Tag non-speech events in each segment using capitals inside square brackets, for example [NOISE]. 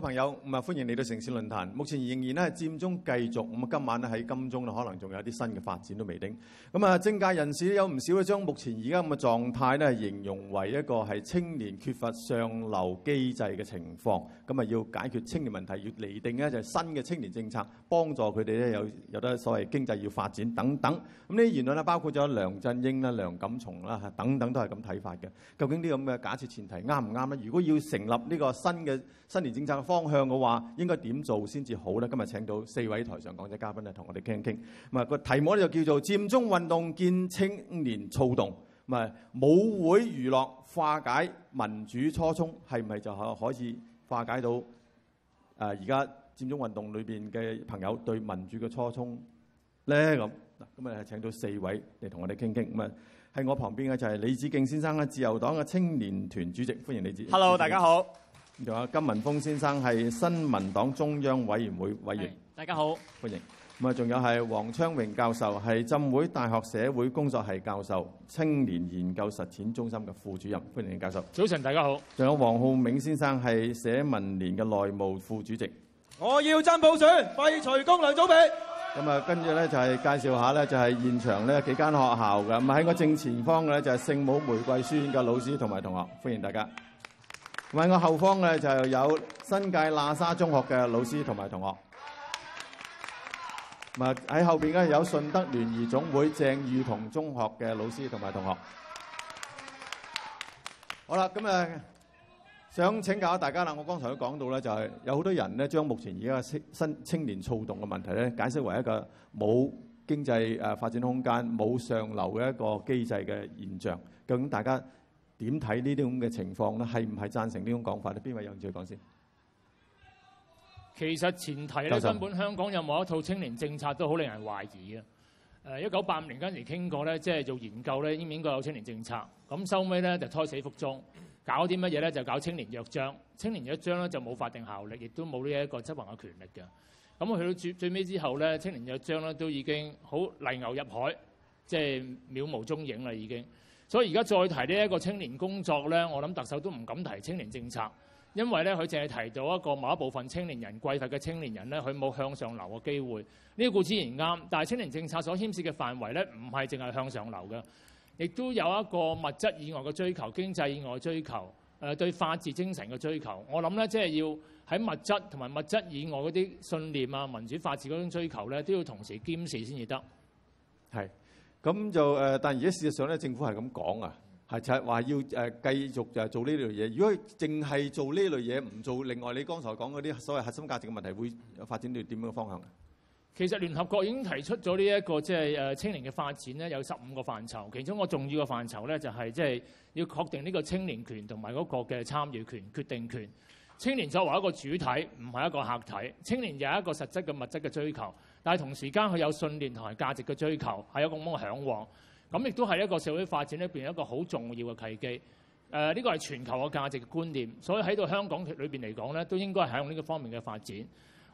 朋友，咁啊，歡迎嚟到城市論壇。目前仍然咧，係佔中繼續。咁啊，今晚咧喺金鐘咧，可能仲有啲新嘅發展都未定。咁啊，政界人士有唔少嘅將目前而家咁嘅狀態咧，形容為一個係青年缺乏上流機制嘅情況。咁啊，要解決青年問題，要釐定咧就係新嘅青年政策，幫助佢哋咧有有得所謂經濟要發展等等。咁呢啲言論咧，包括咗梁振英啦、梁錦松啦等等，都係咁睇法嘅。究竟呢咁嘅假設前提啱唔啱咧？如果要成立呢個新嘅，新年政策嘅方向嘅話應該點做先至好咧？今日請到四位台上講者嘉賓嚟同我哋傾傾。傾。咁啊，個題目咧就叫做佔中運動見青年譟動，唔係舞會娛樂化解民主初衷，係唔係就可可以化解到誒而家佔中運動裏邊嘅朋友對民主嘅初衷咧？咁嗱，咁啊今日係請到四位嚟同我哋傾傾。咁啊，喺我旁邊嘅就係李子敬先生咧，自由黨嘅青年團主席，歡迎李子。Hello，大家好。仲有金文峰先生係新民黨中央委員會委員，大家好，歡迎。咁啊，仲有係黃昌榮教授係浸會大學社會工作系教授、青年研究實踐中心嘅副主任，歡迎教授。早晨，大家好。仲有黃浩銘先生係社民連嘅內務副主席。我要真普選，廢除功能組別。咁啊，跟住咧就係介紹下咧，就係現場咧幾間學校嘅，咁喺我正前方嘅咧就係聖母玫瑰書院嘅老師同埋同學，歡迎大家。唔係我後方嘅就有新界喇沙中學嘅老師同埋同學。唔係喺後邊咧有順德聯誼總會鄭裕彤中學嘅老師同埋同學。好啦，咁誒想請教下大家啦，我剛才都講到咧，就係有好多人咧將目前而家嘅新青年躁動嘅問題咧解釋為一個冇經濟誒發展空間、冇上流嘅一個機制嘅現象。究竟大家點睇呢啲咁嘅情況咧？係唔係贊成種呢種講法咧？邊位有興趣講先？其實前提咧，根本香港有冇一套青年政策都好令人懷疑嘅。誒，一九八五年嗰時傾過咧，即係做研究咧，應唔應該有青年政策？咁收尾咧就胎死腹中，搞啲乜嘢咧就搞青年約章。青年約章咧就冇法定效力，亦都冇呢一個執行嘅權力嘅。咁去到最最尾之後咧，青年約章咧都已經好泥牛入海，即係渺無蹤影啦，已經。所以而家再提呢一個青年工作呢，我諗特首都唔敢提青年政策，因為呢，佢淨係提到一個某一部分青年人、匱乏嘅青年人呢，佢冇向上流嘅機會。呢、這個固然啱，但係青年政策所牽涉嘅範圍呢，唔係淨係向上流嘅，亦都有一個物質以外嘅追求、經濟以外嘅追求、誒、呃、對法治精神嘅追求。我諗呢，即、就、係、是、要喺物質同埋物質以外嗰啲信念啊、民主法治嗰種追求呢，都要同時兼視先至得。係。咁就誒，但而家事實上咧，政府係咁講啊，係就係話要誒繼續就係做呢類嘢。如果淨係做呢類嘢，唔做另外，你剛才講嗰啲所謂核心價值嘅問題會發展到點樣嘅方向？其實聯合國已經提出咗呢一個即係誒青年嘅發展咧，有十五個範疇，其中一個重要嘅範疇咧就係即係要確定呢個青年權同埋嗰個嘅參與權、決定權。青年作為一個主體，唔係一個客體。青年又有一個實質嘅物質嘅追求。但同時間佢有信念同埋價值嘅追求係一個咁嘅嚮往，咁亦都係一個社會發展裏邊一個好重要嘅契機。誒，呢個係全球嘅價值的觀念，所以喺到香港裏邊嚟講咧，都應該係向呢個方面嘅發展。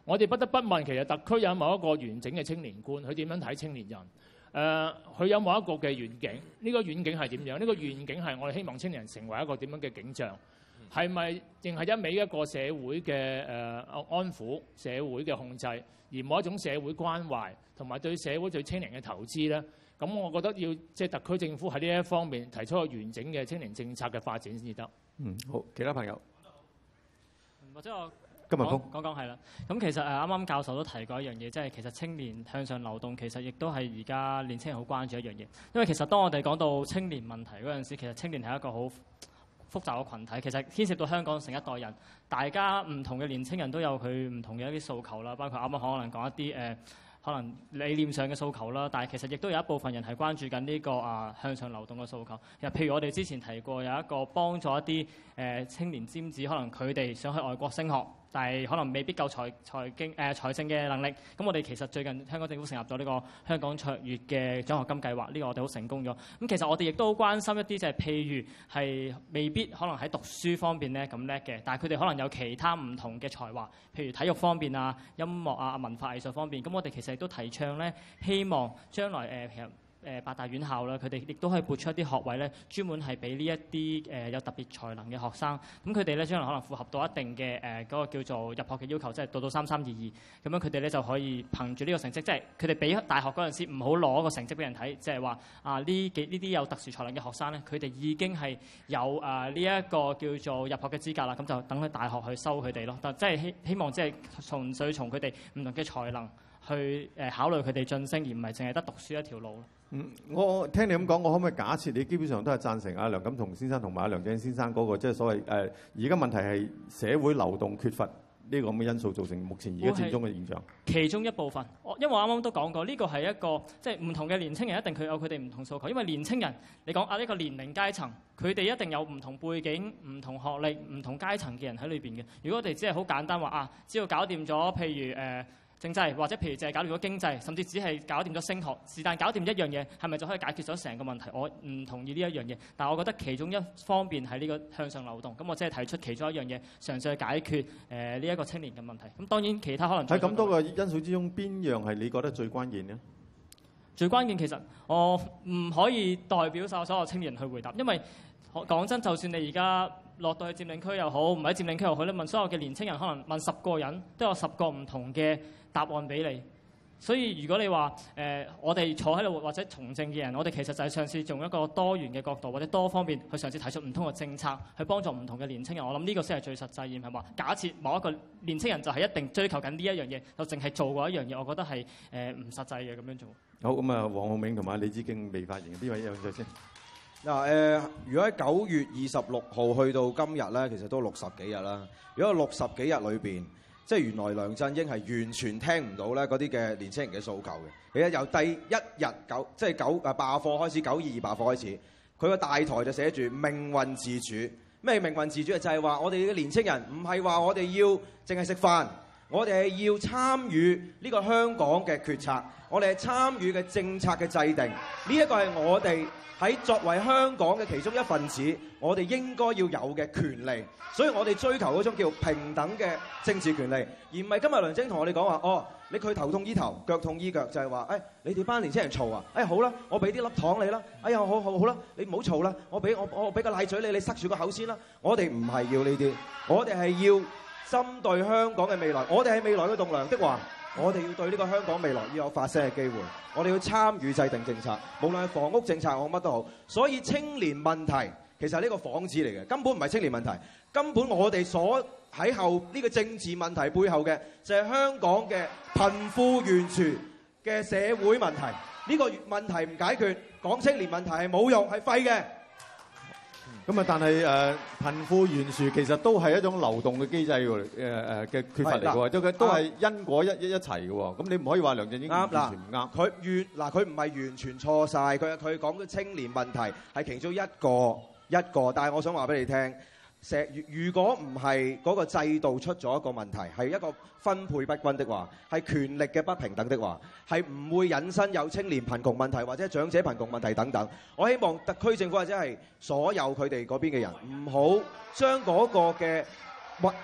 我哋不得不問，其實特區有冇一個完整嘅青年觀？佢點樣睇青年人？誒、呃，佢有冇一個嘅遠景？呢、這個遠景係點樣？呢、這個遠景係我哋希望青年人成為一個點樣嘅景象？係咪淨係一味一個社會嘅誒、呃、安撫社會嘅控制？而冇一種社會關懷同埋對社會對青年嘅投資咧，咁我覺得要即係、就是、特區政府喺呢一方面提出一個完整嘅青年政策嘅發展先至得。嗯，好，其他朋友、嗯、或者我金文峰講講係啦。咁其實誒，啱啱教授都提過一樣嘢，即、就、係、是、其實青年向上流動其實亦都係而家年輕人好關注一樣嘢，因為其實當我哋講到青年問題嗰陣時，其實青年係一個好複雜嘅群體，其實牽涉到香港成一代人，大家唔同嘅年青人都有佢唔同嘅一啲訴求啦，包括啱啱可能講一啲誒、呃，可能理念上嘅訴求啦，但係其實亦都有一部分人係關注緊呢、呢個啊、呃、向上流動嘅訴求，又譬如我哋之前提過有一個幫助一啲誒、呃、青年尖子，可能佢哋想去外國升學。但係可能未必夠財財經誒、呃、財政嘅能力，咁我哋其實最近香港政府成立咗呢個香港卓越嘅獎學金計劃，呢、呢個我哋好成功咗。咁其實我哋亦都好關心一啲，就係譬如係未必可能喺讀書方面咧，咁叻嘅，但係佢哋可能有其他唔同嘅才華，譬如體育方面啊、音樂啊、文化藝術方面。咁我哋其實亦都提倡咧，希望將來誒、呃誒八大院校啦，佢哋亦都可以撥出一啲學位咧，專門係俾呢一啲誒有特別才能嘅學生。咁佢哋咧，將來可能符合到一定嘅誒嗰個叫做入學嘅要求，即係到到三三二二咁樣，佢哋咧就可以憑住呢個成績，即係佢哋俾大學嗰陣時唔好攞個成績俾人睇，即係話啊呢幾呢啲有特殊才能嘅學生咧，佢哋已經係有啊呢一個叫做入學嘅資格啦。咁就等佢大學去收佢哋咯。但即係希希望即係從最從佢哋唔同嘅才能去誒考慮佢哋晉升，而唔係淨係得讀書一條路。嗯，我聽你咁講，我可唔可以假設你基本上都係贊成阿梁錦松先生同埋阿梁振英先生嗰、那個即係、就是、所謂誒？而、呃、家問題係社會流動缺乏呢個咁嘅因素造成目前而家佔中嘅現象。其中一部分。我因為我啱啱都講過，呢個係一個即係唔同嘅年青人一定佢有佢哋唔同訴求，因為年青人你講啊呢、這個年齡階層，佢哋一定有唔同背景、唔同學歷、唔同階層嘅人喺裏邊嘅。如果我哋只係好簡單話啊，只要搞掂咗，譬如誒。呃政制，或者譬如淨係搞掂咗經濟，甚至只係搞掂咗升學，是但搞掂一樣嘢，係咪就可以解決咗成個問題？我唔同意呢一樣嘢，但係我覺得其中一方面係呢個向上流動，咁我即係提出其中一樣嘢，嘗試去解決誒呢一個青年嘅問題。咁當然其他可能喺咁多個因素之中，邊樣係你覺得最關鍵呢？最關鍵其實我唔可以代表曬所有青年去回答，因為。講真，就算你而家落到去佔領區又好，唔喺佔領區又好，你問所有嘅年青人，可能問十個人，都有十個唔同嘅答案俾你。所以如果你話誒、呃，我哋坐喺度或者從政嘅人，我哋其實就係嘗試用一個多元嘅角度或者多方面去嘗試提出唔同嘅政策，去幫助唔同嘅年青人。我諗呢個先係最實際的，而唔係話假設某一個年青人就係一定追求緊呢一樣嘢，就淨係做嗰一樣嘢。我覺得係誒唔實際嘅咁樣做。好，咁啊，黃浩銘同埋李子敬未發言，邊位有請先？嗱、呃、誒，如果喺九月二十六號去到今日咧，其實都六十幾日啦。如果六十幾日裏邊，即係原來梁振英係完全聽唔到咧嗰啲嘅年青人嘅訴求嘅。你睇由第一日九，即、就、係、是、九啊罷課開始，九二二罷課開始，佢個大台就寫住命運自主。咩命運自主啊？就係、是、話我哋嘅年青人唔係話我哋要淨係食飯，我哋係要參與呢個香港嘅決策，我哋係參與嘅政策嘅制定。呢、這、一個係我哋。喺作為香港嘅其中一份子，我哋應該要有嘅權利，所以我哋追求嗰種叫平等嘅政治權利，而唔係今日梁振英同我哋講話，哦，你佢頭痛醫頭，腳痛醫腳，就係話，誒，你哋班年青人嘈啊，哎，好啦，我俾啲粒糖你啦，哎呀好好好啦，你唔好嘈啦，我俾我我俾個奶嘴你，你塞住個口先啦，我哋唔係要呢啲，我哋係要針對香港嘅未來，我哋係未來嘅棟樑的話。我哋要對呢個香港未來要有發聲嘅機會，我哋要參與制定政策，無論係房屋政策，我乜都好。所以青年問題其實係呢個幌子嚟嘅，根本唔係青年問題。根本我哋所喺後呢、這個政治問題背後嘅就係、是、香港嘅貧富懸殊嘅社會問題。呢、這個問題唔解決，講青年問題係冇用，係廢嘅。咁啊，但係誒貧富懸殊其實都係一種流動嘅機制誒誒嘅缺乏嚟嘅，即係佢都係因果一一、嗯、一齊嘅。咁你唔可以話梁振英完全唔啱。嗱，佢越嗱佢唔係完全錯晒，佢佢講嘅青年問題，係其中一個一個。但係我想話俾你聽。如果唔係嗰個制度出咗一個問題，係一個分配不均的話，係權力嘅不平等的話，係唔會引申有青年貧窮問題或者長者貧窮問題等等。我希望特區政府或者係所有佢哋嗰邊嘅人，唔好將嗰個嘅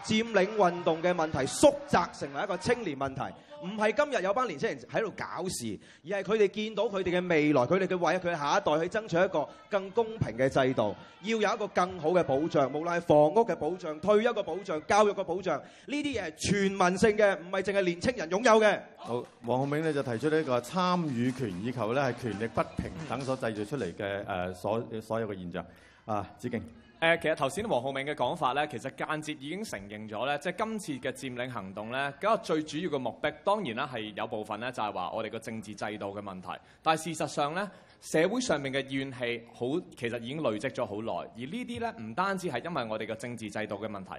佔領運動嘅問題縮窄成為一個青年問題。唔係今日有班年青人喺度搞事，而係佢哋見到佢哋嘅未來，佢哋嘅為佢下一代去爭取一個更公平嘅制度，要有一個更好嘅保障，無論係房屋嘅保障、退休嘅保障、教育嘅保障，呢啲嘢係全民性嘅，唔係淨係年青人擁有嘅。好，黃浩銘咧就提出呢個參與權，以求咧係權力不平等所製造出嚟嘅誒所所有嘅現象。啊，致敬。誒，其實頭先黃浩銘嘅講法咧，其實間接已經承認咗咧，即係今次嘅佔領行動咧，嗰個最主要嘅目的當然咧係有部分咧就係話我哋個政治制度嘅問題。但係事實上咧，社會上面嘅怨氣好，其實已經累積咗好耐。而呢啲咧唔單止係因為我哋個政治制度嘅問題，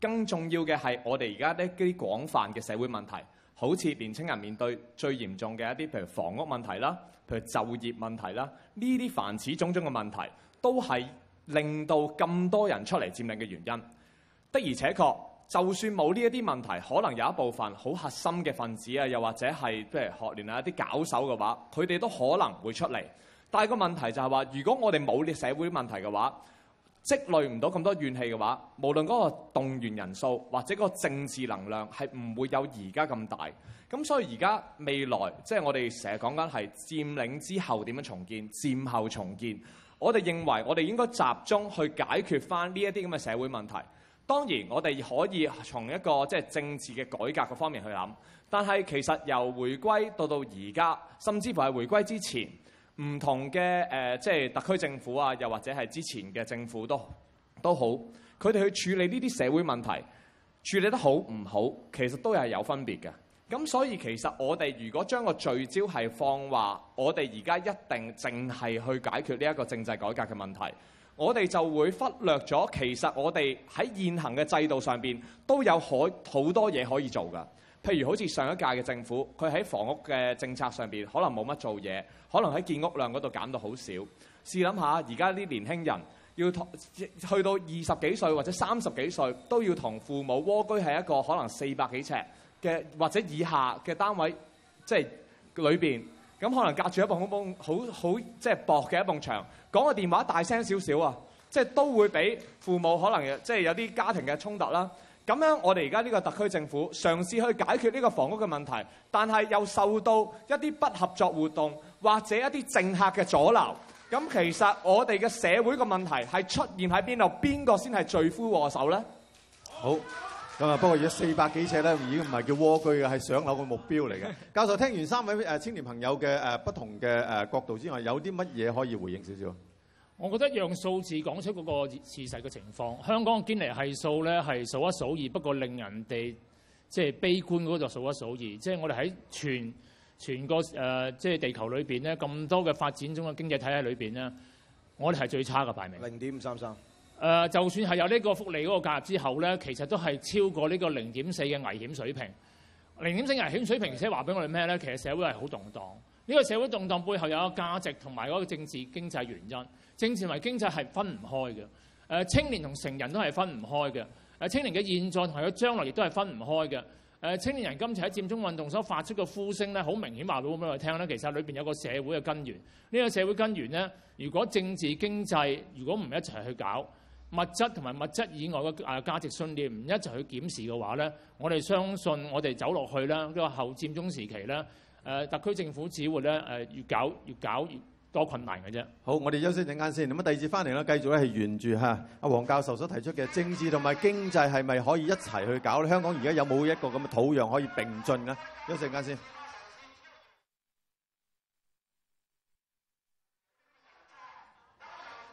更重要嘅係我哋而家呢啲廣泛嘅社會問題，好似年青人面對最嚴重嘅一啲，譬如房屋問題啦，譬如就業問題啦，呢啲凡此種種嘅問題都係。令到咁多人出嚟佔領嘅原因，的而且確，就算冇呢一啲問題，可能有一部分好核心嘅分子啊，又或者係即係學聯啊一啲搞手嘅話，佢哋都可能會出嚟。但係個問題就係話，如果我哋冇呢社會問題嘅話，積累唔到咁多怨氣嘅話，無論嗰個動員人數或者嗰個政治能量係唔會有而家咁大。咁所以而家未來即係、就是、我哋成日講緊係佔領之後點樣重建，佔後重建。我哋認為，我哋應該集中去解決翻呢一啲咁嘅社會問題。當然，我哋可以從一個即係政治嘅改革嘅方面去諗，但係其實由回歸到到而家，甚至乎係回歸之前，唔同嘅呃，即係特區政府啊，又或者係之前嘅政府都都好，佢哋去處理呢啲社會問題，處理得好唔好，其實都係有分別嘅。咁所以其實我哋如果將個聚焦係放話，我哋而家一定淨係去解決呢一個政制改革嘅問題，我哋就會忽略咗其實我哋喺現行嘅制度上面都有可好多嘢可以做㗎。譬如好似上一屆嘅政府，佢喺房屋嘅政策上面可能冇乜做嘢，可能喺建屋量嗰度減到好少。試諗下，而家啲年輕人要去到二十幾歲或者三十幾歲，都要同父母窩居係一個可能四百幾尺嘅或者以下嘅單位，即係裏邊，咁可能隔住一埲好好即係薄嘅一埲牆，講個電話大聲少少啊，即係都會俾父母可能即係有啲家庭嘅衝突啦。咁樣我哋而家呢個特區政府嘗試去解決呢個房屋嘅問題，但係又受到一啲不合作活動或者一啲政客嘅阻撓。咁其實我哋嘅社會嘅問題係出現喺邊度？邊個先係罪魁禍首呢？好。咁啊！不過而家四百幾尺咧，已經唔係叫窩居嘅，係上樓嘅目標嚟嘅。教授聽完三位誒青年朋友嘅誒不同嘅誒角度之外，有啲乜嘢可以回應少少？我覺得用數字講出嗰個事實嘅情況，香港嘅堅尼係數咧係數一數二，不過令人哋即係悲觀嗰度數一數二。即係我哋喺全全個誒即係地球裏邊咧，咁多嘅發展中嘅經濟體喺裏邊咧，我哋係最差嘅排名，零點五三三。誒、呃，就算係有呢個福利嗰個介入之後咧，其實都係超過呢個零點四嘅危險水平。零點四危險水平，而且話俾我哋咩咧？其實社會係好動盪。呢、這個社會動盪背後有一個價值同埋嗰個政治經濟原因。政治同經濟係分唔開嘅。誒、呃，青年同成人都係分唔開嘅。誒、呃，青年嘅現在同佢將來亦都係分唔開嘅。誒、呃，青年人今次喺佔中運動所發出嘅呼聲咧，好明顯話到俾我哋聽咧，其實裏邊有個社會嘅根源。呢、這個社會根源咧，如果政治經濟如果唔一齊去搞，物質同埋物質以外嘅誒價值信念唔一齊去檢視嘅話咧，我哋相信我哋走落去咧，呢個後佔中時期咧，誒特區政府只會咧，誒越搞越搞越多困難嘅啫。好，我哋休息陣間先，咁啊第二節翻嚟咧，繼續咧係沿住嚇阿黃教授所提出嘅政治同埋經濟係咪可以一齊去搞咧？香港而家有冇一個咁嘅土壤可以並進咧？休息陣間先。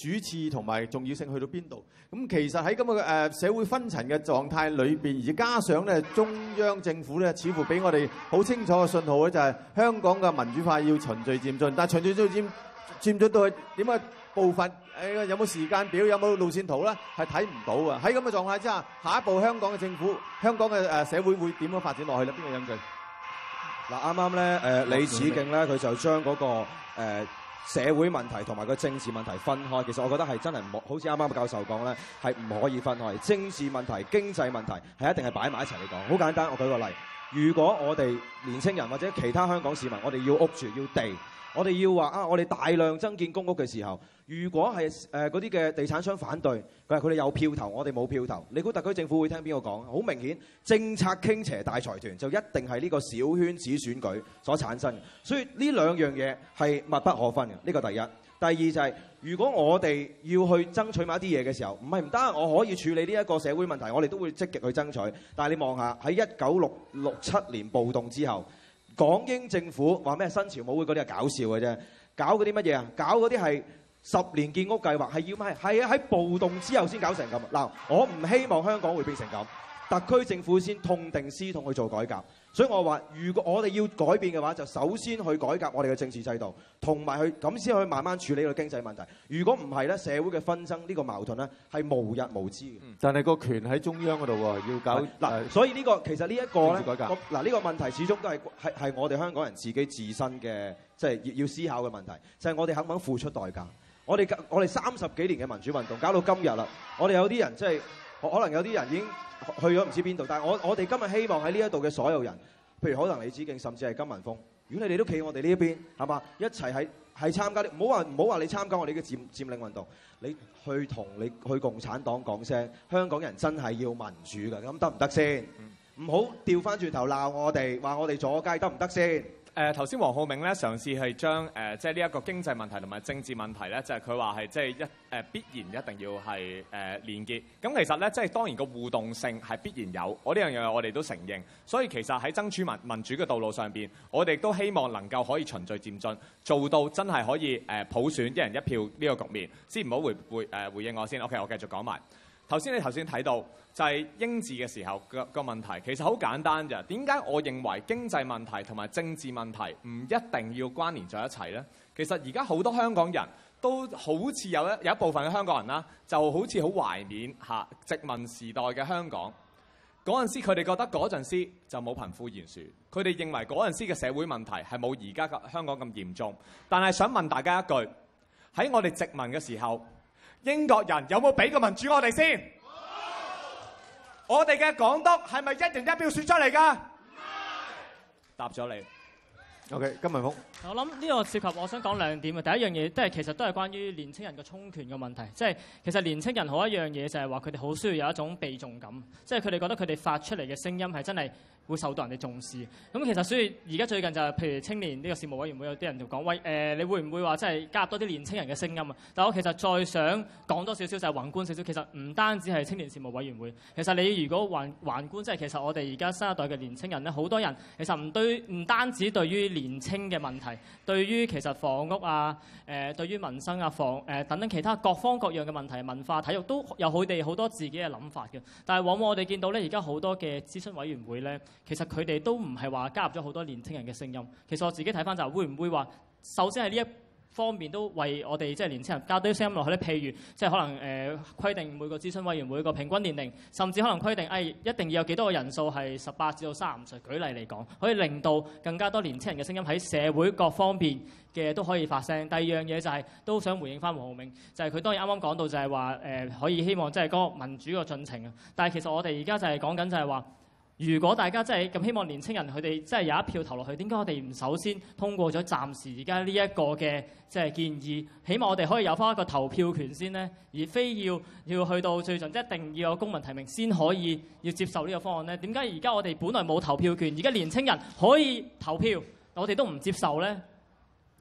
主次同埋重要性去到邊度？咁其實喺咁嘅誒社會分層嘅狀態裏邊，而加上咧中央政府咧，似乎俾我哋好清楚嘅信號咧，就係香港嘅民主化要循序漸進。但係循序漸進，漸進到去點解步伐？誒有冇時間表？有冇路線圖咧？係睇唔到㗎。喺咁嘅狀態之下，下一步香港嘅政府、香港嘅誒社會會點樣發展落去咧？邊個引證？嗱啱啱咧誒李子敬咧，佢就將嗰個誒。社會問題同埋個政治問題分開，其實我覺得係真係唔好，好似啱啱教授講咧，係唔可以分開。政治問題、經濟問題係一定係擺埋一齊嚟講。好簡單，我舉個例：如果我哋年輕人或者其他香港市民，我哋要屋住、要地。我哋要話啊！我哋大量增建公屋嘅時候，如果係誒嗰啲嘅地產商反對，佢話佢哋有票投，我哋冇票投。你估特區政府會聽邊個講？好明顯，政策傾斜大財團就一定係呢個小圈子選舉所產生嘅。所以呢兩樣嘢係密不可分嘅。呢、這個第一，第二就係、是、如果我哋要去爭取某啲嘢嘅時候，唔係唔得，我可以處理呢一個社會問題，我哋都會積極去爭取。但係你望下喺一九六六七年暴動之後。港英政府話咩新潮舞會嗰啲係搞笑嘅啫，搞嗰啲乜嘢啊？搞嗰啲係十年建屋計劃係要咩？係喺暴動之後先搞成咁。嗱，我唔希望香港會變成咁，特區政府先痛定思痛去做改革。所以我話，如果我哋要改變嘅話，就首先去改革我哋嘅政治制度，同埋去咁先去慢慢處理個經濟問題。如果唔係咧，社會嘅紛爭呢、呢個矛盾咧，係無日無之嘅、嗯。但係個權喺中央嗰度喎，要搞嗱、呃，所以呢、呢個其實呢個呢一個咧嗱，呢、呃呢個問題始終都係係係我哋香港人自己自身嘅，即係要要思考嘅問題，就係、是、我哋肯唔肯付出代價？我哋我哋三十幾年嘅民主運動，搞到今日啦，我哋有啲人即係、就是、可能有啲人已經，去咗唔知邊度，但我我哋今日希望喺呢一度嘅所有人，譬如可能李梓敬，甚至係金文峰，如果你哋都企我哋呢一邊，係嘛，一齊喺參加啲，唔好話唔好話你參加我哋嘅佔佔領運動，你去同你去共產黨講聲，香港人真係要民主㗎，咁得唔得先？唔好掉翻轉頭鬧我哋，話我哋阻街得唔得先？誒頭先黃浩銘咧嘗試係將、呃、即係呢一個經濟問題同埋政治問題咧，就係佢話係即，即一、呃、必然一定要係誒、呃、連結。咁其實咧，即係當然個互動性係必然有，我呢樣嘢我哋都承認。所以其實喺爭取民民主嘅道路上面，我哋都希望能夠可以循序漸進，做到真係可以誒、呃、普選一人一票呢個局面。先唔好回回誒、呃、回應我先，OK，我繼續講埋。頭先你頭先睇到就係英治嘅時候個問題，其實好簡單咋。點解我認為經濟問題同埋政治問題唔一定要關聯在一齊呢？其實而家好多香港人都好似有一有一部分嘅香港人啦，就好似好懷念吓殖民時代嘅香港嗰陣時，佢哋覺得嗰陣時就冇貧富懸殊，佢哋認為嗰陣時嘅社會問題係冇而家嘅香港咁嚴重。但係想問大家一句：喺我哋殖民嘅時候。英國人有冇畀個民主我哋先？我哋嘅港督係咪一人一票選出嚟㗎？答咗你。OK，金文峯。我諗呢個涉及，我想講兩點嘅。第一樣嘢都係其實都係關於年青人嘅充權嘅問題，即係其實年青人好一樣嘢就係話佢哋好需要有一種被重感，即係佢哋覺得佢哋發出嚟嘅聲音係真係會受到人哋重視。咁其實所以而家最近就係、是、譬如青年呢個事務委員會有啲人就講喂，誒、呃，你會唔會話即係加入多啲年青人嘅聲音啊？但我其實再想講多少少就係、是、宏觀少少，其實唔單止係青年事務委員會，其實你如果宏觀，即係其實我哋而家新一代嘅年青人咧，好多人其實唔對，唔單止對於年青嘅問題。對於其實房屋啊，誒、呃、對於民生啊，房、呃、等等其他各方各樣嘅問題，文化體育都有佢哋好多自己嘅諗法嘅。但係往往我哋見到咧，而家好多嘅諮詢委員會咧，其實佢哋都唔係話加入咗好多年青人嘅聲音。其實我自己睇返就係會唔會話首先係呢一方面都為我哋即係年青人加啲聲音落去咧，譬如即係可能誒規、呃、定每個諮詢委員會個平均年齡，甚至可能規定誒、哎、一定要有幾多少個人數係十八至到三十五歲。舉例嚟講，可以令到更加多年青人嘅聲音喺社會各方面嘅都可以發聲。第二樣嘢就係、是、都想回應返黃浩銘，就係佢當然啱啱講到就係話誒可以希望即係嗰個民主嘅進程啊。但係其實我哋而家就係講緊就係話。如果大家真係咁希望年青人佢哋真係有一票投落去，點解我哋唔首先通過咗暫時而家呢一個嘅即係建議？起碼我哋可以有翻一個投票權先呢，而非要要去到最盡即一定要有公民提名先可以要接受呢個方案呢。點解而家我哋本來冇投票權，而家年青人可以投票，我哋都唔接受呢？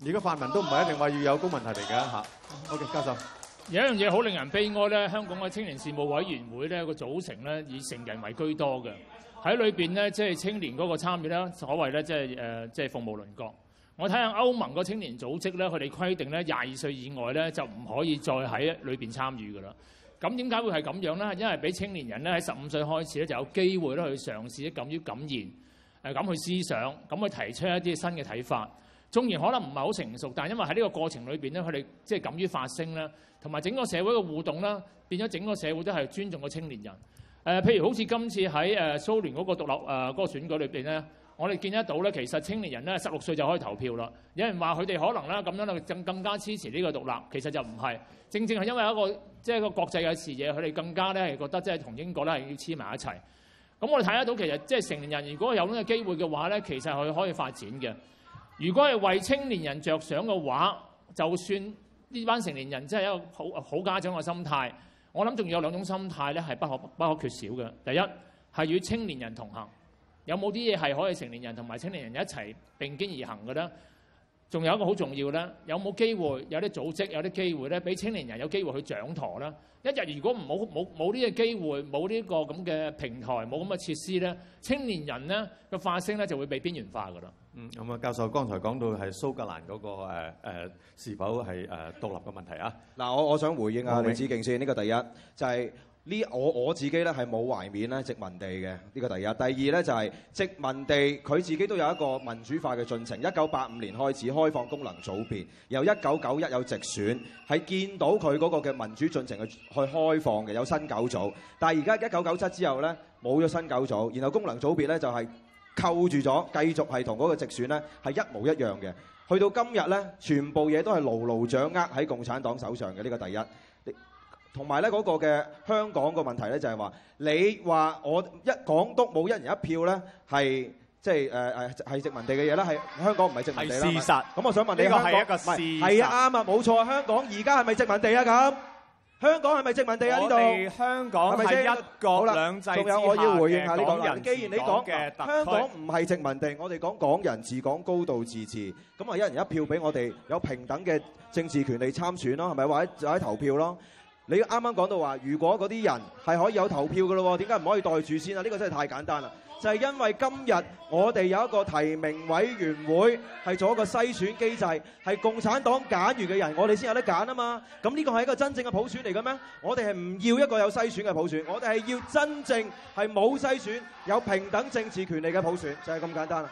而家泛民都唔係一定話要有公民提名嘅嚇。好嘅，教授。有一樣嘢好令人悲哀呢：香港嘅青年事務委員會呢，個組成呢，以成人為居多嘅。喺裏邊咧，即係青年嗰個參與咧，所謂咧，即係誒，即係鳳毛麟角。我睇下歐盟個青年組織咧，佢哋規定咧，廿二歲以外咧，就唔可以再喺裏邊參與噶啦。咁點解會係咁樣咧？因為俾青年人咧喺十五歲開始咧就有機會咧去嘗試，敢於敢言，誒，敢去思想，敢去提出一啲新嘅睇法。縱然可能唔係好成熟，但係因為喺呢個過程裏邊咧，佢哋即係敢於發聲啦，同埋整個社會嘅互動啦，變咗整個社會都係尊重個青年人。誒、呃，譬如好似今次喺誒、呃、蘇聯嗰個獨立誒嗰、呃那個選舉裏邊咧，我哋見得到咧，其實青年人咧十六歲就可以投票啦。有人話佢哋可能咧咁樣咧更更加支持呢個獨立，其實就唔係，正正係因為一個即係、就是、一個國際嘅視野，佢哋更加咧係覺得即係同英國咧係要黐埋一齊。咁我哋睇得到其實即係、就是、成年人如果有呢個機會嘅話咧，其實佢可以發展嘅。如果係為青年人着想嘅話，就算呢班成年人真係一個好好家長嘅心態。我諗仲有兩種心態咧，係不可不可缺少嘅。第一係與青年人同行，有冇啲嘢係可以成年人同埋青年人一齊並肩而行嘅咧？仲有一個好重要咧，有冇機會有啲組織有啲機會咧，俾青年人有機會去掌舵啦。一日如果唔冇冇冇呢個機會，冇呢個咁嘅平台，冇咁嘅設施咧，青年人咧嘅發聲咧就會被邊緣化㗎喇。嗯，咁啊，教授剛才講到係蘇格蘭嗰個誒誒是否係誒獨立嘅問題啊？嗱，我我想回應下李子敬先，呢個第一就係。呢我我自己咧係冇懷緬咧殖民地嘅，呢、這個第一。第二呢，就係殖民地佢自己都有一個民主化嘅進程。一九八五年開始開放功能組別，由一九九一有直選，係見到佢嗰個嘅民主進程去去開放嘅，有新九組。但係而家一九九七之後呢，冇咗新九組，然後功能組別呢，就係扣住咗，繼續係同嗰個直選呢係一模一樣嘅。去到今日呢，全部嘢都係牢牢掌握喺共產黨手上嘅，呢、這個第一。同埋咧，嗰個嘅香港個問題咧，就係話你話我一港督冇一人一票咧，係即係係殖民地嘅嘢啦，係香港唔係殖民地啦。係事實。咁、嗯、我想問你香港係一個事實，係啊啱啊，冇錯啊，香港而家係咪殖民地啊？咁香港係咪殖民地啊？呢度香港係、咪即係、一國兩制仲有我要回應之下嘅港人治港既然嘅特區嘅，香港唔係殖民地。我哋講港人治港高度自治，咁啊一人一票俾我哋有平等嘅政治權利參選咯，係咪？或者或者投票咯？你啱啱講到話，如果嗰啲人係可以有投票嘅咯，點解唔可以待住先啊？呢個真係太簡單啦！就係、是、因為今日我哋有一個提名委員會係做一個篩選機制，係共產黨揀完嘅人，我哋先有得揀啊嘛！咁呢個係一個真正嘅普選嚟嘅咩？我哋係唔要一個有篩選嘅普選，我哋係要真正係冇篩選、有平等政治權利嘅普選，就係、是、咁簡單喇。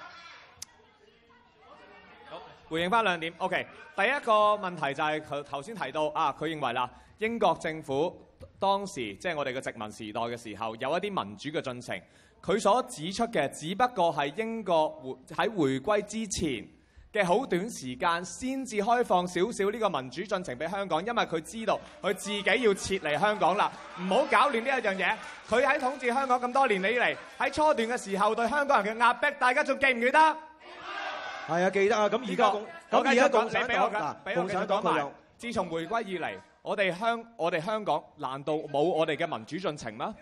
回應翻兩點，OK。第一個問題就係佢頭先提到啊，佢認為啦，英國政府當時即係我哋嘅殖民時代嘅時候，有一啲民主嘅進程。佢所指出嘅，只不過係英國喺回歸之前嘅好短時間，先至開放少少呢個民主進程俾香港，因為佢知道佢自己要撤離香港啦，唔好搞亂呢一樣嘢。佢喺統治香港咁多年以嚟，喺初段嘅時候對香港人嘅壓迫，大家仲記唔記得？係啊，記得啊。咁而家，咁而家共產黨俾我講、啊、共產黨講講自從回歸以嚟，我哋香，我哋香港，難道冇我哋嘅民主進程嗎？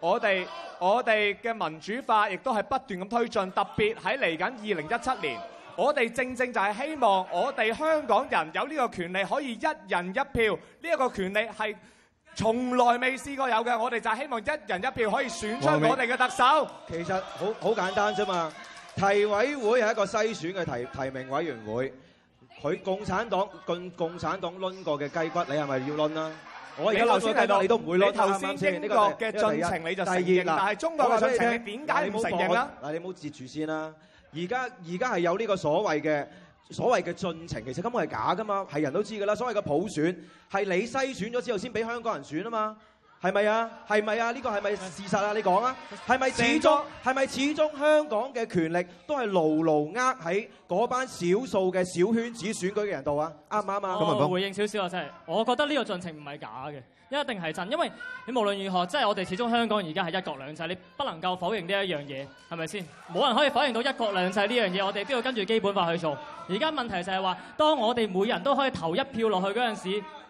我哋，我哋嘅民主化亦都係不斷咁推進。特別喺嚟緊二零一七年，我哋正正就係希望我哋香港人有呢個權利，可以一人一票。呢、這、一個權利係從來未試過有嘅。我哋就係希望一人一票可以選出我哋嘅特首。其實好好簡單啫嘛。提委會係一個篩選嘅提提名委員會，佢共產黨共共產黨攆過嘅雞骨，你係咪要啦？我而家啊？咗就算你都唔會攞，你頭先英國嘅進程，你就承認，但係中國嘅你點解你冇承認啊？嗱，你唔好截住先啦。而家而家係有呢個所謂嘅所謂嘅進程，其實根本係假噶嘛，係人都知㗎啦。所謂嘅普選係你篩選咗之後先俾香港人選啊嘛。係咪啊？係咪啊？呢個係咪事實啊？你講啊？係咪始終係咪始終香港嘅權力都係牢牢握喺嗰班少數嘅小圈子選舉嘅人度啊？啱唔啱啊？咁啊，我回應少少啊，真係，我覺得呢個進程唔係假嘅，一定係真，因為你無論如何，即係我哋始終香港而家係一國兩制，你不能夠否認呢一樣嘢，係咪先？冇人可以否認到一國兩制呢樣嘢，我哋都要跟住基本法去做。而家問題就係話，當我哋每人都可以投一票落去嗰陣時。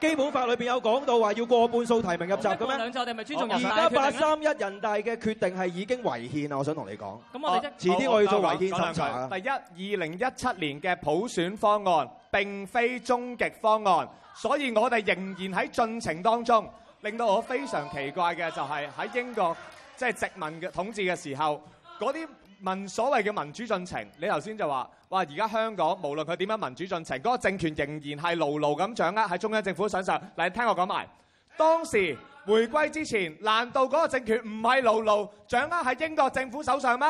基本法裏面有講到話要過半數提名入閘咁樣，兩次我哋咪尊重人大決定。而家八三一人大嘅決定係已經違憲啊！我想同你講。咁我哋啫，遲、啊、啲我要做違憲審查。第一，二零一七年嘅普選方案並非終極方案，所以我哋仍然喺進程當中。令到我非常奇怪嘅就係喺英國即係、就是、殖民嘅統治嘅時候，嗰啲民所謂嘅民主進程，你頭先就話。哇！而家香港無論佢點樣民主進程，嗰個政權仍然係牢牢咁掌握喺中央政府手上。嗱，你聽我講埋當時回歸之前，難道嗰個政權唔係牢牢掌握喺英國政府手上咩？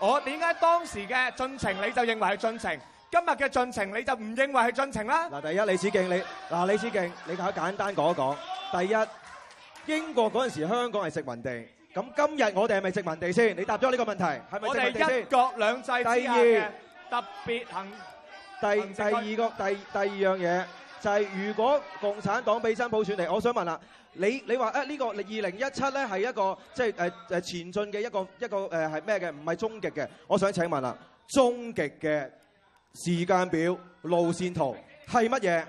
我點解當時嘅進程你就認為係進程，今日嘅進程你就唔認為係進程啦？嗱，第一，李子敬，你嗱，李子敬，你搞簡單講一講。第一，英國嗰陣時香港係殖民地，咁今日我哋係咪殖民地先？你答咗呢個問題，係咪殖民地先？我哋一國兩制之下嘅。第二，特別行。第行第二個第第二樣嘢就係、是，如果共產黨俾真普選嚟，我想問啦，你你話啊、這個、2017呢個二零一七咧係一個即係誒誒前進嘅一個一個誒係咩嘅？唔、啊、係終極嘅。我想請問啦，終極嘅時間表、路線圖係乜嘢？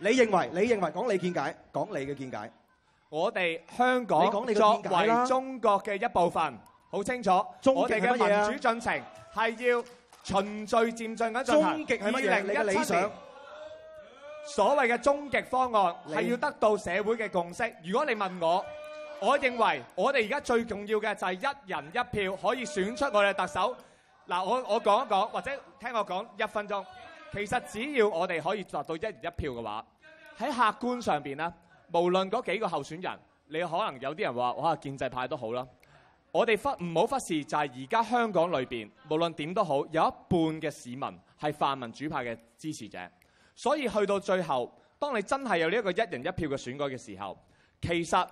你認為你認為講你見解，講你嘅見解。我哋香港作為中國嘅一部分，好、啊、清楚我哋嘅民主進程係要，循序漸進緊，終極係乜嘢？你嘅理想所謂嘅終極方案係要得到社會嘅共識。如果你問我，我認為我哋而家最重要嘅就係一人一票可以選出我哋特首。嗱，我我講一講，或者聽我講一分鐘。其實只要我哋可以達到一人一票嘅話，喺客觀上面，咧，無論嗰幾個候選人，你可能有啲人話，哇，建制派都好啦。我哋忽唔好忽視，就係而家香港裏面，無論點都好，有一半嘅市民係泛民主派嘅支持者。所以去到最後，當你真係有呢一個一人一票嘅選舉嘅時候，其實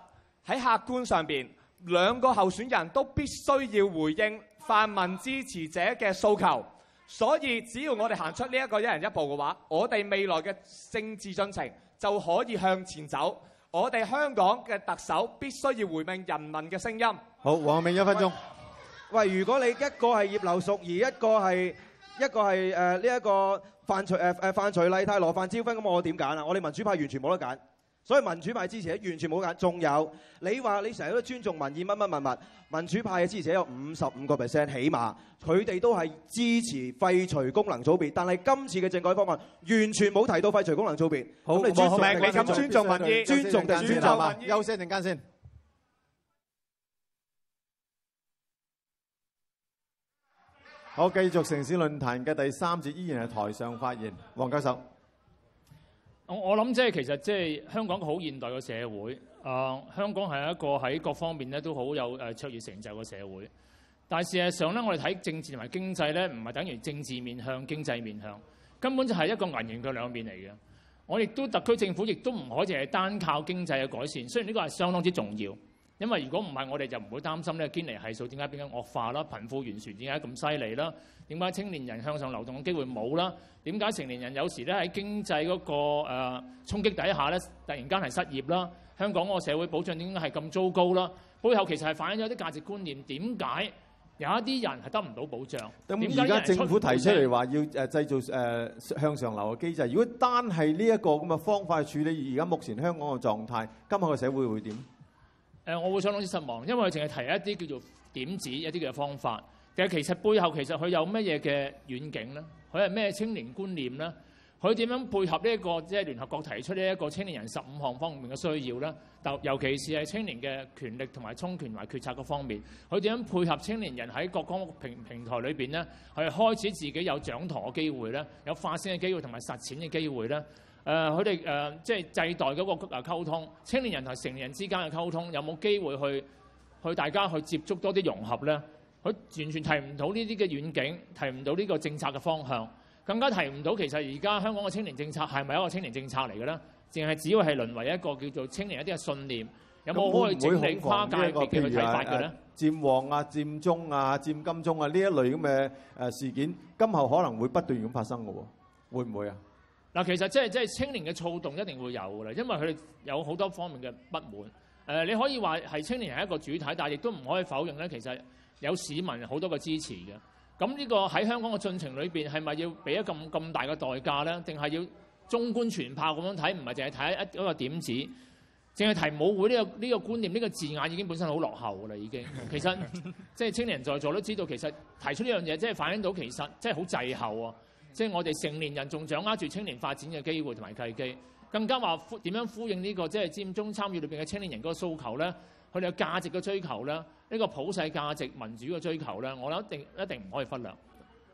喺客觀上面，兩個候選人都必須要回應泛民支持者嘅訴求。所以只要我哋行出呢一個一人一步嘅話，我哋未來嘅政治進程就可以向前走。我哋香港嘅特首必須要回應人民嘅聲音。好，黃明一分鐘。喂，如果你一個係葉劉淑儀，一個係一個係誒呢一個範徐誒，誒、呃、範徐麗泰、羅范椒芬，咁我點揀啊？我哋民主派完全冇得揀。所以民主派支持者完全冇揀，仲有你話你成日都尊重民意乜乜物物，民主派嘅支持者有五十五個 percent 起碼，佢哋都係支持廢除功能組別，但係今次嘅政改方案完全冇提到廢除功能組別。嗯。你好，黃學，你咁尊重民意，尊重定尊重啊？休息陣間先。好，繼續城市論壇嘅第三節，依然係台上發言，黃教授。我我諗即係其實即係香港好現代嘅社會，啊、呃、香港係一個喺各方面咧都好有誒、呃、卓越成就嘅社會。但係事實上咧，我哋睇政治同埋經濟咧，唔係等於政治面向、經濟面向，根本就係一個銀營嘅兩面嚟嘅。我亦都特區政府亦都唔可以淨係單靠經濟嘅改善，雖然呢個係相當之重要。因為如果唔係，我哋就唔會擔心咧，堅尼係數點解變得惡化啦，貧富懸殊點解咁犀利啦，點解青年人向上流動嘅機會冇啦，點解成年人有時咧喺經濟嗰個誒衝擊底下咧，突然間係失業啦，香港個社會保障點解係咁糟糕啦，背後其實係反映咗啲價值觀念，點解有一啲人係得唔到保障？咁而家政府提出嚟話要誒製造誒向上流嘅機制，如果單係呢一個咁嘅方法去處理而家目前香港嘅狀態，今後嘅社會會點？誒我會相當之失望，因為佢淨係提一啲叫做點子，一啲嘅方法，但係其實背後其實佢有乜嘢嘅遠景咧？佢係咩青年觀念咧？佢點樣配合呢、這、一個即係聯合國提出呢一個青年人十五項方面嘅需要咧？尤尤其是係青年嘅權力同埋充權同埋決策嗰方面，佢點樣配合青年人喺各個平平台裏邊咧，佢開始自己有掌舵嘅機會咧，有發聲嘅機會同埋實踐嘅機會咧？誒佢哋誒即係制代嗰個啊溝通，青年人同成年人之間嘅溝通有冇機會去去大家去接觸多啲融合咧？佢完全提唔到呢啲嘅遠景，提唔到呢個政策嘅方向，更加提唔到其實而家香港嘅青年政策係咪一個青年政策嚟嘅咧？淨係只要係淪為一個叫做青年一啲嘅信念，有冇可以整地跨界別嘅睇法嘅咧？佔旺啊、佔中啊、佔金鐘啊呢一類咁嘅誒事件、嗯，今後可能會不斷咁發生嘅喎，會唔會啊？嗱，其實即係即係青年嘅躁動一定會有㗎啦，因為佢哋有好多方面嘅不滿。誒、呃，你可以話係青年係一個主體，但係亦都唔可以否認咧，其實有市民好多個支持嘅。咁呢個喺香港嘅進程裏邊，係咪要俾咗咁咁大嘅代價咧？定係要中觀全豹咁樣睇，唔係淨係睇一一個點子，淨係提舞會呢個呢個觀念呢、呢個字眼已經本身好落後㗎啦，已經。其實即係青年人在座都知道，其實提出呢樣嘢，即係反映到其實即係好滯後喎、啊。即係我哋成年人仲掌握住青年發展嘅機會同埋契機，更加話呼點樣呼應呢、這個即係佔中參與裏邊嘅青年人嗰個訴求咧，佢哋有價值嘅追求咧，呢、這個普世價值、民主嘅追求咧，我諗一定一定唔可以忽略。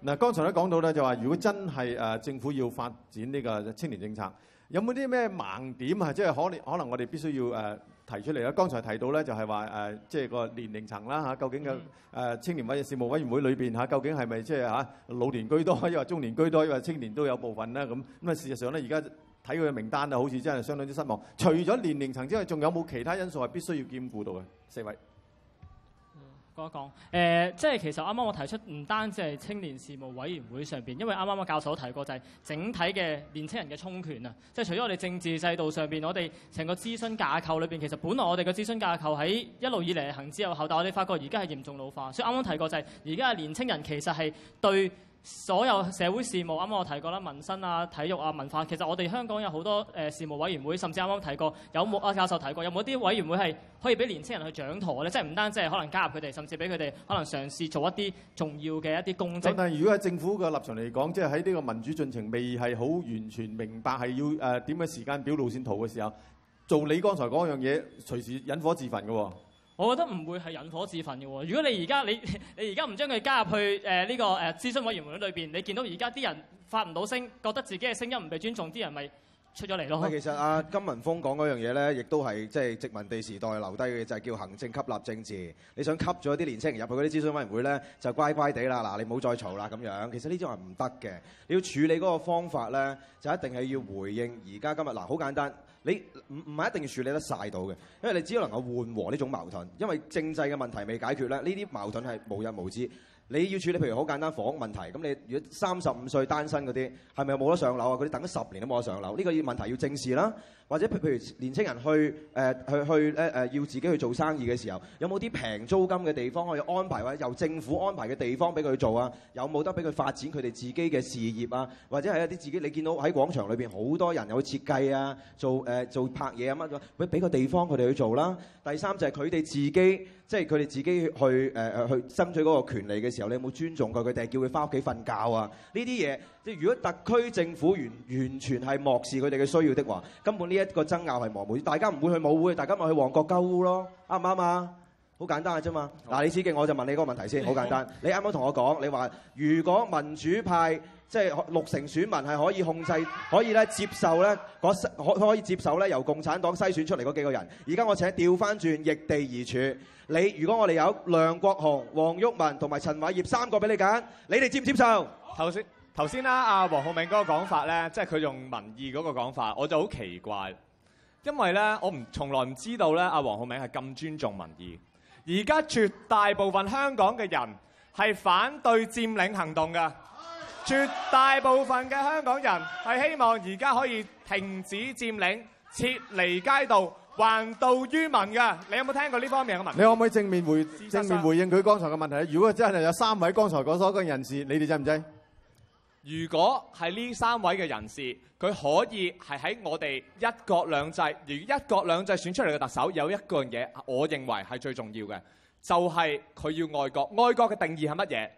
嗱，剛才咧講到咧就話，如果真係誒、呃、政府要發展呢個青年政策，有冇啲咩盲點啊？即係可能可能我哋必須要誒。呃提出嚟啦，剛才提到咧就係話誒，即、呃、係、就是、個年齡層啦嚇、啊，究竟嘅誒青年委事務委員會裏邊嚇，究竟係咪即係嚇老年居多，因為中年居多，因為青年都有部分啦咁。咁啊事實上咧，而家睇佢嘅名單啊，好似真係相當之失望。除咗年齡層之外，仲有冇其他因素係必須要兼顧到嘅？四位。講一講，誒、呃，即係其實啱啱我提出唔單止係青年事務委員會上邊，因為啱啱我教授提過就係整體嘅年輕人嘅充權啊，即係除咗我哋政治制度上邊，我哋成個諮詢架構裏邊，其實本來我哋嘅諮詢架構喺一路以嚟行之有效，但我哋發覺而家係嚴重老化，所以啱啱提過就係而家嘅年輕人其實係對所有社會事務，啱啱我提過啦，民生啊、體育啊、文化，其實我哋香港有好多誒、呃、事務委員會，甚至啱啱提過有冇啊，教授提過有冇啲委員會係可以俾年青人去掌舵咧？即係唔單止係可能加入佢哋，甚至俾佢哋可能嘗試做一啲重要嘅一啲工作。但係如果喺政府嘅立場嚟講，即係喺呢個民主進程未係好完全明白係要誒點嘅時間表、路線圖嘅時候，做你剛才講嗰樣嘢，隨時引火自焚嘅喎、哦。我覺得唔會係引火自焚嘅喎。如果你而家你你而家唔將佢加入去誒呢個誒諮詢委員會裏邊，你見到而家啲人發唔到聲，覺得自己嘅聲音唔被尊重，啲人咪出咗嚟咯。其實阿、啊、金文峰講嗰樣嘢咧，亦都係即係殖民地時代留低嘅就係、是、叫行政吸納政治。你想吸咗啲年輕人入去嗰啲諮詢委員會咧，就乖乖地啦，嗱你唔好再嘈啦咁樣。其實呢啲話唔得嘅，你要處理嗰個方法咧，就一定係要回應而家今日嗱，好簡單。你唔唔係一定要處理得晒到嘅，因為你只要能夠緩和呢種矛盾，因為政制嘅問題未解決咧，呢啲矛盾係無日無之。你要處理，譬如好簡單，房屋問題，咁你如果三十五歲單身嗰啲，係咪冇得上樓啊？嗰啲等咗十年都冇得上樓，呢、呢個要問題要正視啦。或者譬如年青人去誒、呃、去去誒誒、呃呃、要自己去做生意嘅時候，有冇啲平租金嘅地方可以安排或者由政府安排嘅地方俾佢做啊？有冇得俾佢發展佢哋自己嘅事業啊？或者係一啲自己你見到喺廣場裏邊好多人有設計啊，做誒、呃、做拍嘢啊乜嘢俾個地方佢哋去做啦、啊。第三就係佢哋自己，即係佢哋自己去誒誒、呃、去爭取嗰個權利嘅時候，你有冇尊重過佢哋？定係叫佢翻屋企瞓覺啊？呢啲嘢即係如果特區政府完完全係漠視佢哋嘅需要的話，根本呢一一個爭拗係磨煤，大家唔會去舞會，大家咪去旺角鳩咯，啱唔啱啊？好簡單嘅啫嘛。嗱，李司傑，我就問你個問題先，好簡單。你啱啱同我講，你話如果民主派即係、就是、六成選民係可以控制，可以咧接受咧可可以接受咧由共產黨篩選出嚟嗰幾個人。而家我請調翻轉，逆地而處。你如果我哋有梁國雄、黃毓民同埋陳偉業三個俾你揀，你哋接唔接受？頭先。頭先啦，阿黃浩銘嗰個講法咧，即係佢用民意嗰個講法，我就好奇怪，因為咧，我唔從來唔知道咧，阿黃浩銘係咁尊重民意。而家絕大部分香港嘅人係反對佔領行動嘅，絕大部分嘅香港人係希望而家可以停止佔領，撤離街道，還道於民嘅。你有冇聽過呢方面嘅問題？你可唔可以正面回正面回應佢剛才嘅問題？如果真係有三位剛才講嗰個人士，你哋制唔制？如果係呢三位嘅人士，佢可以係喺我哋一國兩制，而一國兩制選出嚟嘅特首有一個嘢，就是，我認為係最重要嘅，就係佢要愛國。愛國嘅定義係乜嘢？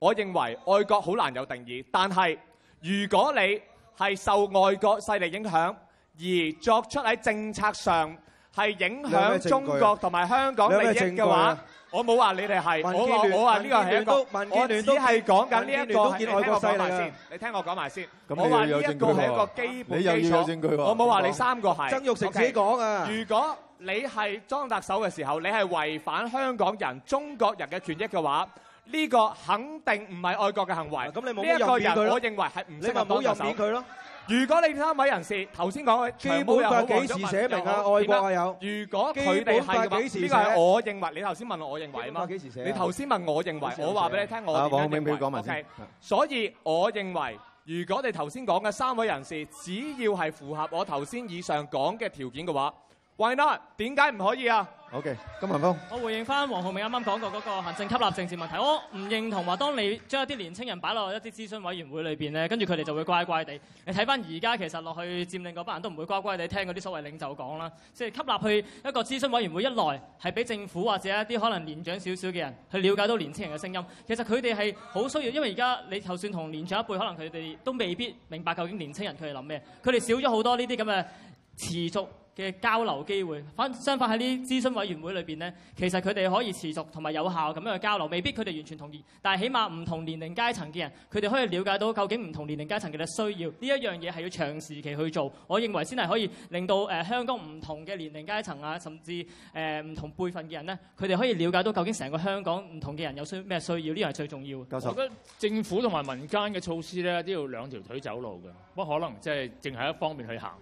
我認為愛國好難有定義，但係如果你係受外國勢力影響而作出喺政策上係影響中國同埋香港利益嘅話，我冇話你哋係，我我話呢個係一個，我只係講緊呢一個係愛國。你聽我講埋先，你聽我講埋先。我話呢一個係一個基本基礎。我冇話你三個係。曾鈺成自己講啊。如果你係裝特首嘅時候，你係違反香港人、中國人嘅權益嘅話，呢個肯定唔係愛國嘅行為。呢一個人，我認為係唔適合做特首。如果你三位人士頭先講嘅基本法幾時寫明啊，愛國有如果佢哋係幾時呢個係我認為你頭先問我認為啊嘛，幾時寫、啊、你頭先問我認為、啊、我話俾你聽我，認為我說明唔明講問、okay, 所以我認為如果你頭先講嘅三位人士只要係符合我頭先以上講嘅條件嘅話 why not 點解唔可以啊？好嘅，金文峰。我回應返黃浩銘啱啱講過嗰個行政吸納政治問題，我唔認同話，當你將一啲年青人擺落一啲諮詢委員會裏面，咧，跟住佢哋就會乖乖地。你睇返而家其實落去佔領嗰班人都唔會乖乖地聽嗰啲所謂領袖講啦，即係吸納去一個諮詢委員會一來係俾政府或者一啲可能年長少少嘅人去了解到年青人嘅聲音。其實佢哋係好需要，因為而家你就算同年長一輩，可能佢哋都未必明白究竟年青人佢哋諗咩，佢哋少咗好多呢啲咁嘅持續嘅交流機會，反相反喺呢啲諮詢委員會裏邊呢，其實佢哋可以持續同埋有效咁樣去交流，未必佢哋完全同意，但係起碼唔同年齡階層嘅人，佢哋可以了解到究竟唔同年齡階層嘅需要。呢一樣嘢係要長時期去做，我認為先係可以令到誒、呃、香港唔同嘅年齡階層啊，甚至誒呃、唔同輩份嘅人呢，佢哋可以了解到究竟成個香港唔同嘅人有需咩需要，呢樣係最重要嘅。教授，我覺得政府同埋民間嘅措施咧，都要兩條腿走路嘅，不可能即係淨係一方面去行。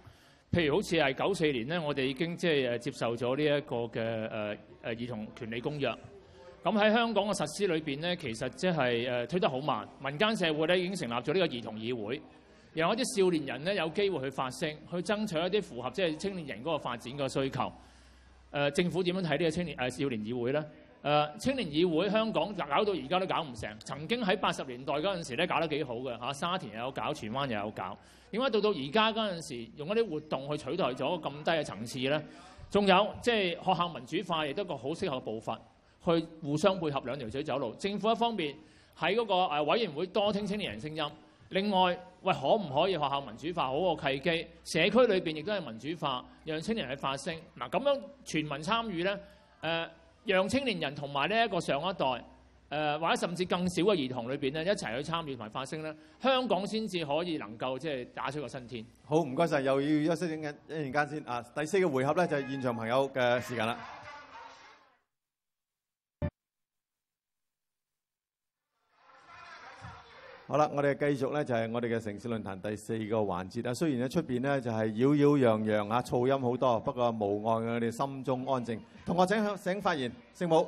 譬如好似係九四年咧，我哋已經即係誒接受咗呢一個嘅誒誒兒童權利公約。咁喺香港嘅實施裏邊咧，其實即係誒推得好慢。民間社會咧已經成立咗呢個兒童議會，然後一啲少年人咧有機會去發聲，去爭取一啲符合即係、就是、青年人嗰個發展嘅需求。誒、呃、政府點樣睇呢個青年誒、呃、少年議會咧？呃、青年議會香港搞到而家都搞唔成，曾經喺八十年代嗰陣時咧搞得幾好嘅、嚇、沙田又有搞，荃灣又有搞。點解到到而家嗰陣時用一啲活動去取代咗咁低嘅層次咧？仲有即係、就是、學校民主化亦都一個好適合嘅步伐，去互相配合兩條水走路。政府一方面喺嗰個委員會多聽青年人聲音，另外喂可唔可以學校民主化好個契機？社區裏面亦都係民主化，讓青年人去發聲嗱，咁樣、啊、全民參與咧讓青年人同埋呢一個上一代，誒、呃、或者甚至更少嘅兒童裏邊咧，一齊去參與同埋發聲咧，香港先至可以能夠即係、就是、打出個新天。好，唔該晒，又要休息一陣間先。啊，第四個回合咧就係、是、現場朋友嘅時間啦。好啦，我哋繼續咧，就係我哋嘅城市論壇第四個環節啊。雖然喺出邊咧就係擾擾攘攘啊，噪音好多，不過無礙我哋心中安靜。同學請請發言，姓武。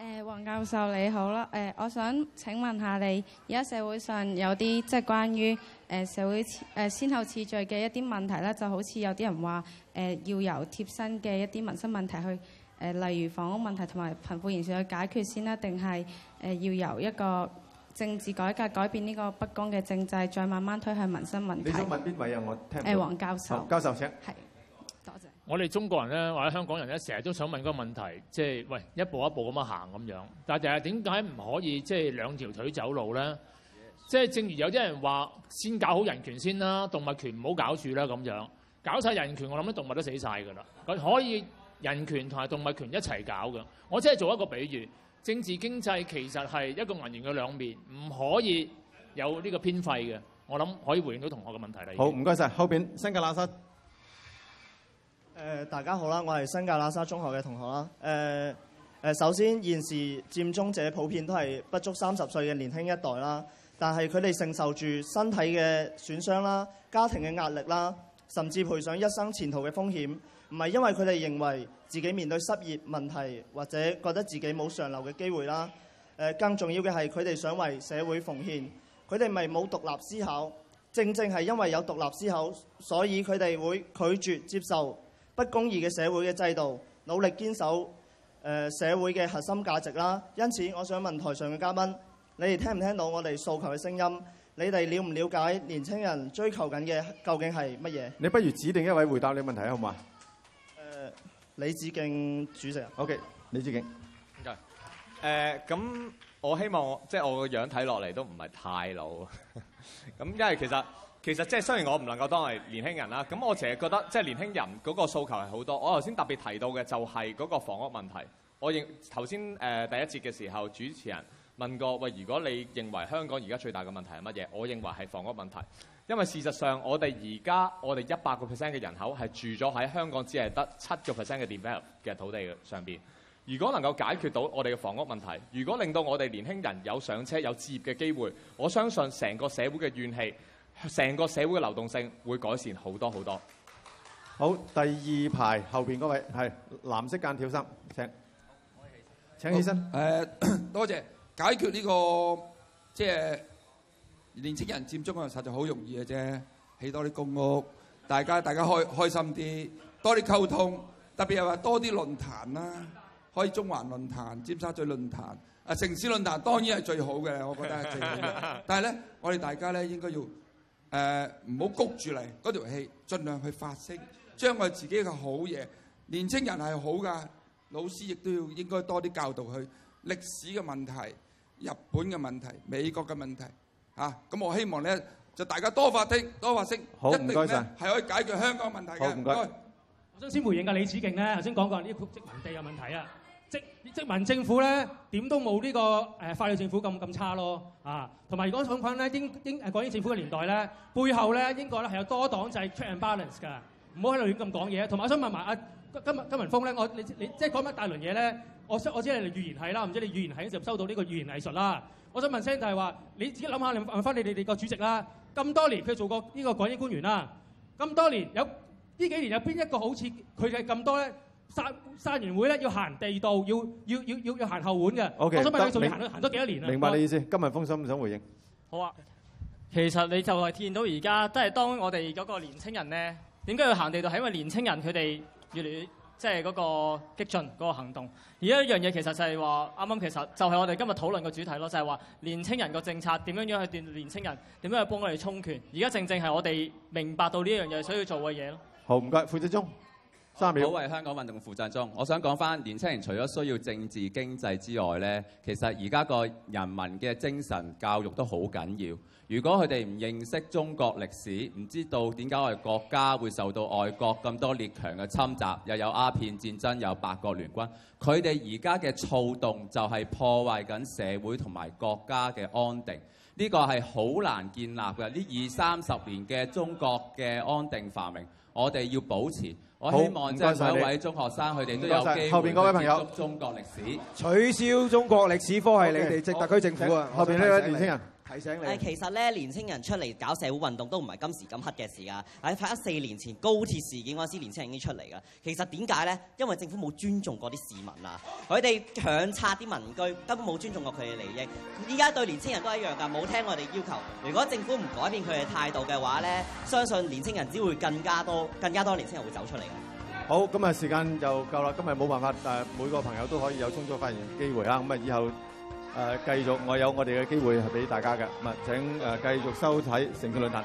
誒，黃教授你好啦。誒，我想請問下你，而家社會上有啲即係關於誒社會誒先後次序嘅一啲問題咧，就好似有啲人話誒要由貼身嘅一啲民生問題去。誒，例如房屋問題同埋貧富懸殊嘅解決先啦，定係誒要由一個政治改革改變呢個不公嘅政制，再慢慢推向民生問題？你想問邊位啊？我聽誒，黃教授。教授請。係，多謝。我哋中國人咧，或者香港人咧，成日都想問個問題，即係喂，一步一步咁樣行咁樣，但係點解唔可以即係兩條腿走路咧？即係正如有啲人話，先搞好人權先啦，動物權唔好搞住啦咁樣，搞曬人權，我諗啲動物都死曬㗎啦。佢可以。人權同埋動物權一齊搞嘅，我只係做一個比喻。政治經濟其實係一個銀元嘅兩面，唔可以有呢個偏廢嘅。我諗可以回應到同學嘅問題啦。好，唔該晒，後邊新界喇沙，誒、呃、大家好啦，我係新界喇沙中學嘅同學啦。誒、呃、誒、呃，首先現時佔中者普遍都係不足三十歲嘅年輕一代啦，但係佢哋承受住身體嘅損傷啦、家庭嘅壓力啦，甚至賠上一生前途嘅風險。唔係因為佢哋認為自己面對失業問題或者覺得自己冇上流嘅機會啦、呃。更重要嘅係佢哋想為社會奉獻，佢哋咪冇獨立思考，正正係因為有獨立思考，所以佢哋會拒絕接受不公義嘅社會嘅制度，努力堅守、呃、社會嘅核心價值啦。因此，我想問台上嘅嘉賓，你哋聽唔聽到我哋訴求嘅聲音？你哋了唔了解年青人追求緊嘅究竟係乜嘢？你不如指定一位回答你問題啊，好嗎？李志敬主席，OK？李志敬，誒，咁我希望，即係我個樣睇落嚟都唔係太老。咁 [LAUGHS] 因為其實其實即係雖然我唔能夠當係年輕人啦，咁我成日覺得即係年輕人嗰個訴求係好多。我頭先特別提到嘅就係嗰個房屋問題。我認頭先誒第一節嘅時候，主持人問過喂，如果你認為香港而家最大嘅問題係乜嘢？我認為係房屋問題。因為事實上我們現在我們，我哋而家我哋一百個 percent 嘅人口係住咗喺香港只，只係得七個 percent 嘅 develop 嘅土地上邊。如果能夠解決到我哋嘅房屋問題，如果令到我哋年輕人有上車、有置業嘅機會，我相信成個社會嘅怨氣、成個社會嘅流動性會改善好多好多。好，第二排後邊嗰位係藍色間條衫，請起請起身。誒，多、呃、謝解決呢、這個即係。年青人佔中啊，實就好容易嘅啫，起多啲公屋，大家大家開開心啲，多啲溝通，特別係話多啲論壇啦，可以中環論壇、尖沙咀論壇啊，城市論壇當然係最好嘅，我覺得係最好嘅。但係咧，我哋大家咧應該要誒唔好谷住嚟嗰條氣，儘量去發聲，將我哋自己嘅好嘢。年青人係好㗎，老師亦都要應該多啲教導佢歷史嘅問題、日本嘅問題、美國嘅問題。啊，咁我希望咧就大家多發聲，多發聲，一定咧係可以解決香港問題嘅。好唔該，我想先回應下李子敬咧，頭先講過啲殖民地嘅問題啊，殖殖民政府咧點都冇呢個誒法律政府咁咁差咯。啊，同埋如果講翻咧英英誒港英政府嘅年代咧，背後咧英國咧係有多黨制 check and balance 㗎，唔好喺度亂咁講嘢。同埋我想問埋阿今日金文峰咧，我你你即係講乜大輪嘢咧？我我知你哋語言係啦，唔知你語言係就收到呢個語言藝術啦。我想問聲就係話，你自己諗下，你問問翻你哋哋個主席啦，咁多年佢做過呢個港英官員啦，咁多年有呢幾年有邊一個好似佢嘅咁多咧？山山園會咧要行地道，要要要要要行後門嘅。O K，我想問佢仲行咗幾多年啊？明白你意思，今日封心唔想回應。好啊，其實你就係見到而家即係當我哋嗰個年青人咧，點解要行地道？係因為年青人佢哋越嚟越。即係嗰個激進嗰、那個行動，而家一樣嘢其實就係話，啱啱其實就係我哋今日討論嘅主題咯，就係、是、話年青人個政策點樣樣去鍛鍊年青人，點樣去幫佢哋充權。而家正正係我哋明白到呢一樣嘢所需要做嘅嘢咯。好，唔該，傅志忠。各位香港運動的負責中，我想講返年輕人除咗需要政治經濟之外咧，其實而家個人民嘅精神教育都好緊要。如果佢哋唔認識中國歷史，唔知道點解我哋國家會受到外國咁多列強嘅侵襲，又有鴉片戰爭，有八國聯軍，佢哋而家嘅躁動就係破壞緊社會同埋國家嘅安定。呢、呢個係好難建立嘅呢二三十年嘅中國嘅安定繁榮。我哋要保持，我希望這三位中學生，謝謝佢哋都有機會去接觸後面位朋友，中國歷史，取消中國歷史科係你哋即特區政府的後邊，呢位年輕人誒，其實咧，年青人出嚟搞社會運動都唔係今時咁黑嘅事啊！喺、啊、拍咗四年前高鐵事件嗰陣時，年青人已經出嚟噶。其實點解咧？因為政府冇尊重過啲市民啊！佢哋強拆啲民居，根本冇尊重過佢嘅利益。依家對年青人都一樣噶，冇聽我哋要求。如果政府唔改變佢嘅態度嘅話咧，相信年青人只會更加多、更加多年青人會走出嚟。嘅。好，咁啊，時間就夠啦。今日冇辦法誒，每個朋友都可以有充足發言機會啊！咁啊，以後。誒、呃，繼續我有我哋嘅機會係俾大家嘅。咁啊，請誒、呃、繼續收睇城市論壇。